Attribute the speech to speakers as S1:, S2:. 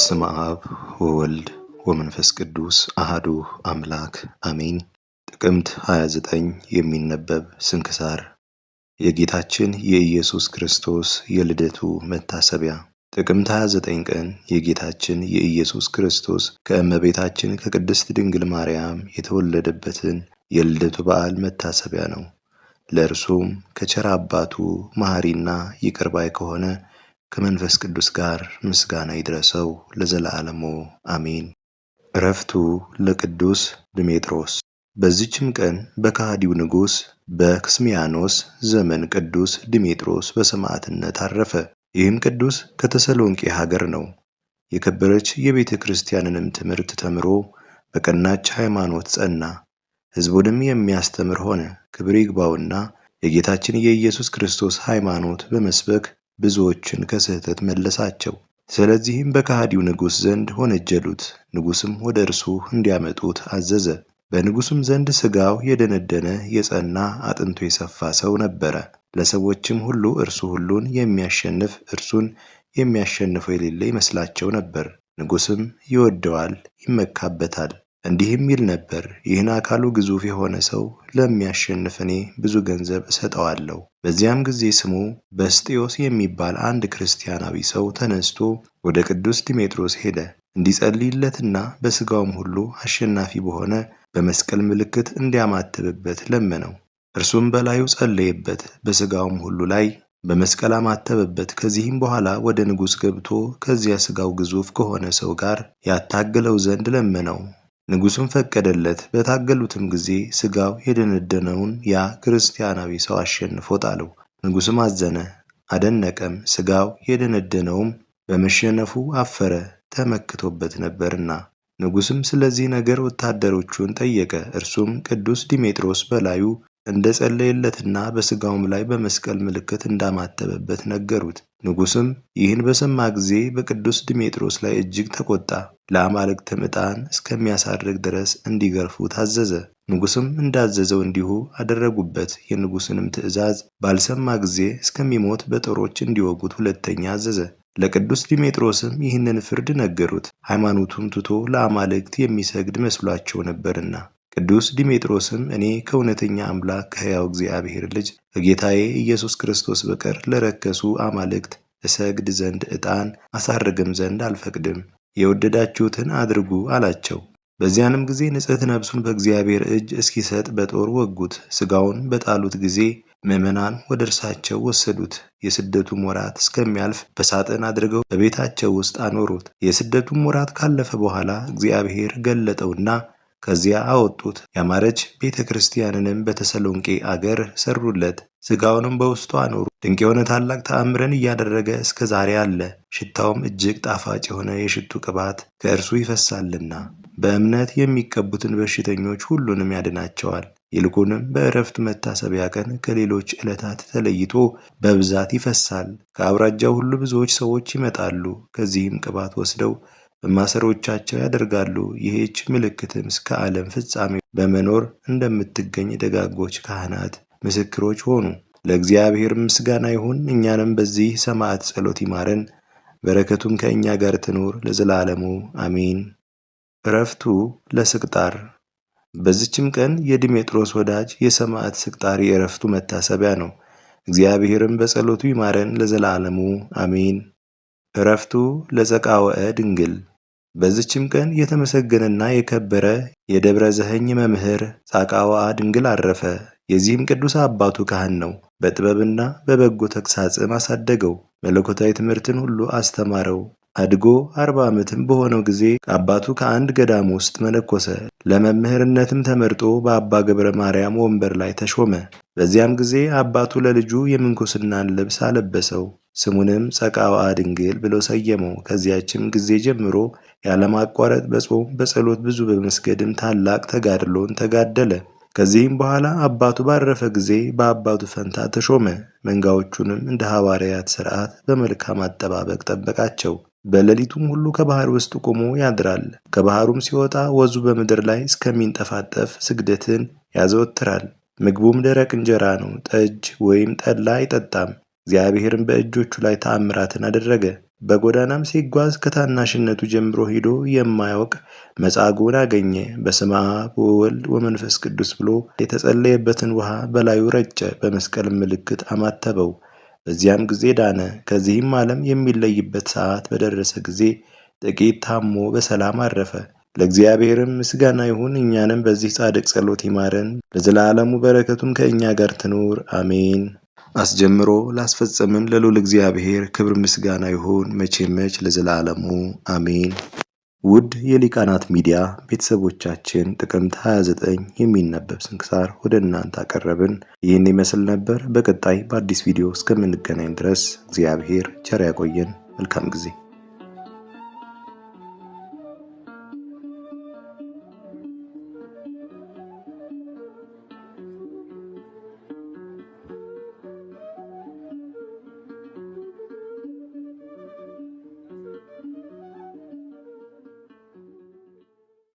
S1: በስመ አብ ወወልድ ወመንፈስ ቅዱስ አሃዱ አምላክ አሜን። ጥቅምት 29 የሚነበብ ስንክሳር የጌታችን የኢየሱስ ክርስቶስ የልደቱ መታሰቢያ ጥቅምት 29 ቀን የጌታችን የኢየሱስ ክርስቶስ ከእመቤታችን ከቅድስት ድንግል ማርያም የተወለደበትን የልደቱ በዓል መታሰቢያ ነው። ለእርሱም ከቸራ አባቱ መሐሪና ይቅርባይ ከሆነ ከመንፈስ ቅዱስ ጋር ምስጋና ይድረሰው ለዘላለሙ አሜን። እረፍቱ ለቅዱስ ድሜጥሮስ። በዚችም ቀን በካዲው ንጉሥ በክስሚያኖስ ዘመን ቅዱስ ድሜጥሮስ በሰማዕትነት አረፈ። ይህም ቅዱስ ከተሰሎንቄ ሀገር ነው። የከበረች የቤተ ክርስቲያንንም ትምህርት ተምሮ በቀናች ሃይማኖት ጸና። ሕዝቡንም የሚያስተምር ሆነ። ክብር ይግባውና የጌታችን የኢየሱስ ክርስቶስ ሃይማኖት በመስበክ ብዙዎችን ከስህተት መለሳቸው። ስለዚህም በከሃዲው ንጉሥ ዘንድ ሆነጀሉት። ንጉሥም ወደ እርሱ እንዲያመጡት አዘዘ። በንጉሥም ዘንድ ሥጋው የደነደነ የጸና አጥንቱ የሰፋ ሰው ነበረ። ለሰዎችም ሁሉ እርሱ ሁሉን የሚያሸንፍ እርሱን የሚያሸንፈው የሌለ ይመስላቸው ነበር። ንጉሥም ይወደዋል፣ ይመካበታል፣ እንዲህም ይል ነበር፣ ይህን አካሉ ግዙፍ የሆነ ሰው ለሚያሸንፍ እኔ ብዙ ገንዘብ እሰጠዋለሁ። በዚያም ጊዜ ስሙ በስጢዮስ የሚባል አንድ ክርስቲያናዊ ሰው ተነስቶ ወደ ቅዱስ ዲሜጥሮስ ሄደ እንዲጸልይለትና በሥጋውም ሁሉ አሸናፊ በሆነ በመስቀል ምልክት እንዲያማትብበት ለመነው። እርሱም በላዩ ጸለየበት፣ በሥጋውም ሁሉ ላይ በመስቀል አማተበበት። ከዚህም በኋላ ወደ ንጉሥ ገብቶ ከዚያ ሥጋው ግዙፍ ከሆነ ሰው ጋር ያታግለው ዘንድ ለመነው። ንጉሡም ፈቀደለት። በታገሉትም ጊዜ ስጋው የደነደነውን ያ ክርስቲያናዊ ሰው አሸንፎ ጣለው። ንጉሱም አዘነ፣ አደነቀም። ስጋው የደነደነውም በመሸነፉ አፈረ፣ ተመክቶበት ነበርና። ንጉስም ስለዚህ ነገር ወታደሮቹን ጠየቀ። እርሱም ቅዱስ ዲሜጥሮስ በላዩ እንደ ጸለየለትና በስጋውም ላይ በመስቀል ምልክት እንዳማተበበት ነገሩት። ንጉሥም ይህን በሰማ ጊዜ በቅዱስ ድሜጥሮስ ላይ እጅግ ተቆጣ። ለአማልክትም ዕጣን እስከሚያሳርግ ድረስ እንዲገርፉ ታዘዘ። ንጉሥም እንዳዘዘው እንዲሁ አደረጉበት። የንጉሥንም ትእዛዝ ባልሰማ ጊዜ እስከሚሞት በጦሮች እንዲወጉት ሁለተኛ አዘዘ። ለቅዱስ ዲሜጥሮስም ይህንን ፍርድ ነገሩት። ሃይማኖቱም ትቶ ለአማልክት የሚሰግድ መስሏቸው ነበርና። ቅዱስ ዲሜጥሮስም እኔ ከእውነተኛ አምላክ ከሕያው እግዚአብሔር ልጅ ከጌታዬ ኢየሱስ ክርስቶስ በቀር ለረከሱ አማልክት እሰግድ ዘንድ ዕጣን አሳርግም ዘንድ አልፈቅድም፣ የወደዳችሁትን አድርጉ አላቸው። በዚያንም ጊዜ ንጽሕት ነፍሱን በእግዚአብሔር እጅ እስኪሰጥ በጦር ወጉት። ሥጋውን በጣሉት ጊዜ ምዕመናን ወደ እርሳቸው ወሰዱት። የስደቱም ወራት እስከሚያልፍ በሳጥን አድርገው በቤታቸው ውስጥ አኖሩት። የስደቱም ወራት ካለፈ በኋላ እግዚአብሔር ገለጠውና ከዚያ አወጡት። ያማረች ቤተ ክርስቲያንንም በተሰሎንቄ አገር ሰሩለት። ስጋውንም በውስጡ አኖሩ። ድንቅ የሆነ ታላቅ ተአምረን እያደረገ እስከ ዛሬ አለ። ሽታውም እጅግ ጣፋጭ የሆነ የሽቱ ቅባት ከእርሱ ይፈሳልና በእምነት የሚቀቡትን በሽተኞች ሁሉንም ያድናቸዋል። ይልቁንም በእረፍት መታሰቢያ ቀን ከሌሎች ዕለታት ተለይቶ በብዛት ይፈሳል። ከአውራጃው ሁሉ ብዙዎች ሰዎች ይመጣሉ። ከዚህም ቅባት ወስደው በማሰሮቻቸው ያደርጋሉ። ይህች ምልክትም እስከ ዓለም ፍጻሜ በመኖር እንደምትገኝ ደጋጎች ካህናት ምስክሮች ሆኑ። ለእግዚአብሔር ምስጋና ይሁን። እኛንም በዚህ ሰማዕት ጸሎት ይማረን፣ በረከቱም ከእኛ ጋር ትኑር ለዘላለሙ አሜን። እረፍቱ ለስቅጣር በዚችም ቀን የዲሜጥሮስ ወዳጅ የሰማዕት ስቅጣር የእረፍቱ መታሰቢያ ነው። እግዚአብሔርም በጸሎቱ ይማረን ለዘላለሙ አሜን። እረፍቱ ለዘቃወ ድንግል በዚችም ቀን የተመሰገነና የከበረ የደብረ ዘህኝ መምህር ጻቃዋ ድንግል አረፈ። የዚህም ቅዱስ አባቱ ካህን ነው። በጥበብና በበጎ ተግሳጽም አሳደገው። መለኮታዊ ትምህርትን ሁሉ አስተማረው። አድጎ አርባ ዓመትም በሆነው ጊዜ አባቱ ከአንድ ገዳም ውስጥ መነኮሰ። ለመምህርነትም ተመርጦ በአባ ገብረ ማርያም ወንበር ላይ ተሾመ። በዚያም ጊዜ አባቱ ለልጁ የምንኩስናን ልብስ አለበሰው። ስሙንም ጸቃዋ ድንግል ብሎ ሰየመው። ከዚያችም ጊዜ ጀምሮ ያለማቋረጥ በጾም በጸሎት ብዙ በመስገድም ታላቅ ተጋድሎን ተጋደለ። ከዚህም በኋላ አባቱ ባረፈ ጊዜ በአባቱ ፈንታ ተሾመ። መንጋዎቹንም እንደ ሐዋርያት ሥርዓት በመልካም አጠባበቅ ጠበቃቸው። በሌሊቱም ሁሉ ከባህር ውስጥ ቆሞ ያድራል። ከባህሩም ሲወጣ ወዙ በምድር ላይ እስከሚንጠፋጠፍ ስግደትን ያዘወትራል። ምግቡም ደረቅ እንጀራ ነው። ጠጅ ወይም ጠላ አይጠጣም። እግዚአብሔርም በእጆቹ ላይ ተአምራትን አደረገ። በጎዳናም ሲጓዝ ከታናሽነቱ ጀምሮ ሂዶ የማያውቅ መጻጉዕን አገኘ። በስመ አብ ወወልድ ወመንፈስ ቅዱስ ብሎ የተጸለየበትን ውሃ በላዩ ረጨ፣ በመስቀል ምልክት አማተበው። በዚያም ጊዜ ዳነ። ከዚህም ዓለም የሚለይበት ሰዓት በደረሰ ጊዜ ጥቂት ታሞ በሰላም አረፈ። ለእግዚአብሔርም ምስጋና ይሁን። እኛንም በዚህ ጻድቅ ጸሎት ይማረን፣ ለዘላለሙ በረከቱም ከእኛ ጋር ትኑር አሜን። አስጀምሮ ላስፈጸምን ለልዑል እግዚአብሔር ክብር ምስጋና ይሁን መቼ መች ለዘላለሙ አሜን። ውድ የሊቃናት ሚዲያ ቤተሰቦቻችን ጥቅምት 29 የሚነበብ ስንክሳር ወደ እናንተ አቀረብን። ይህን ይመስል ነበር። በቀጣይ በአዲስ ቪዲዮ እስከምንገናኝ ድረስ እግዚአብሔር ቸር ያቆየን። መልካም ጊዜ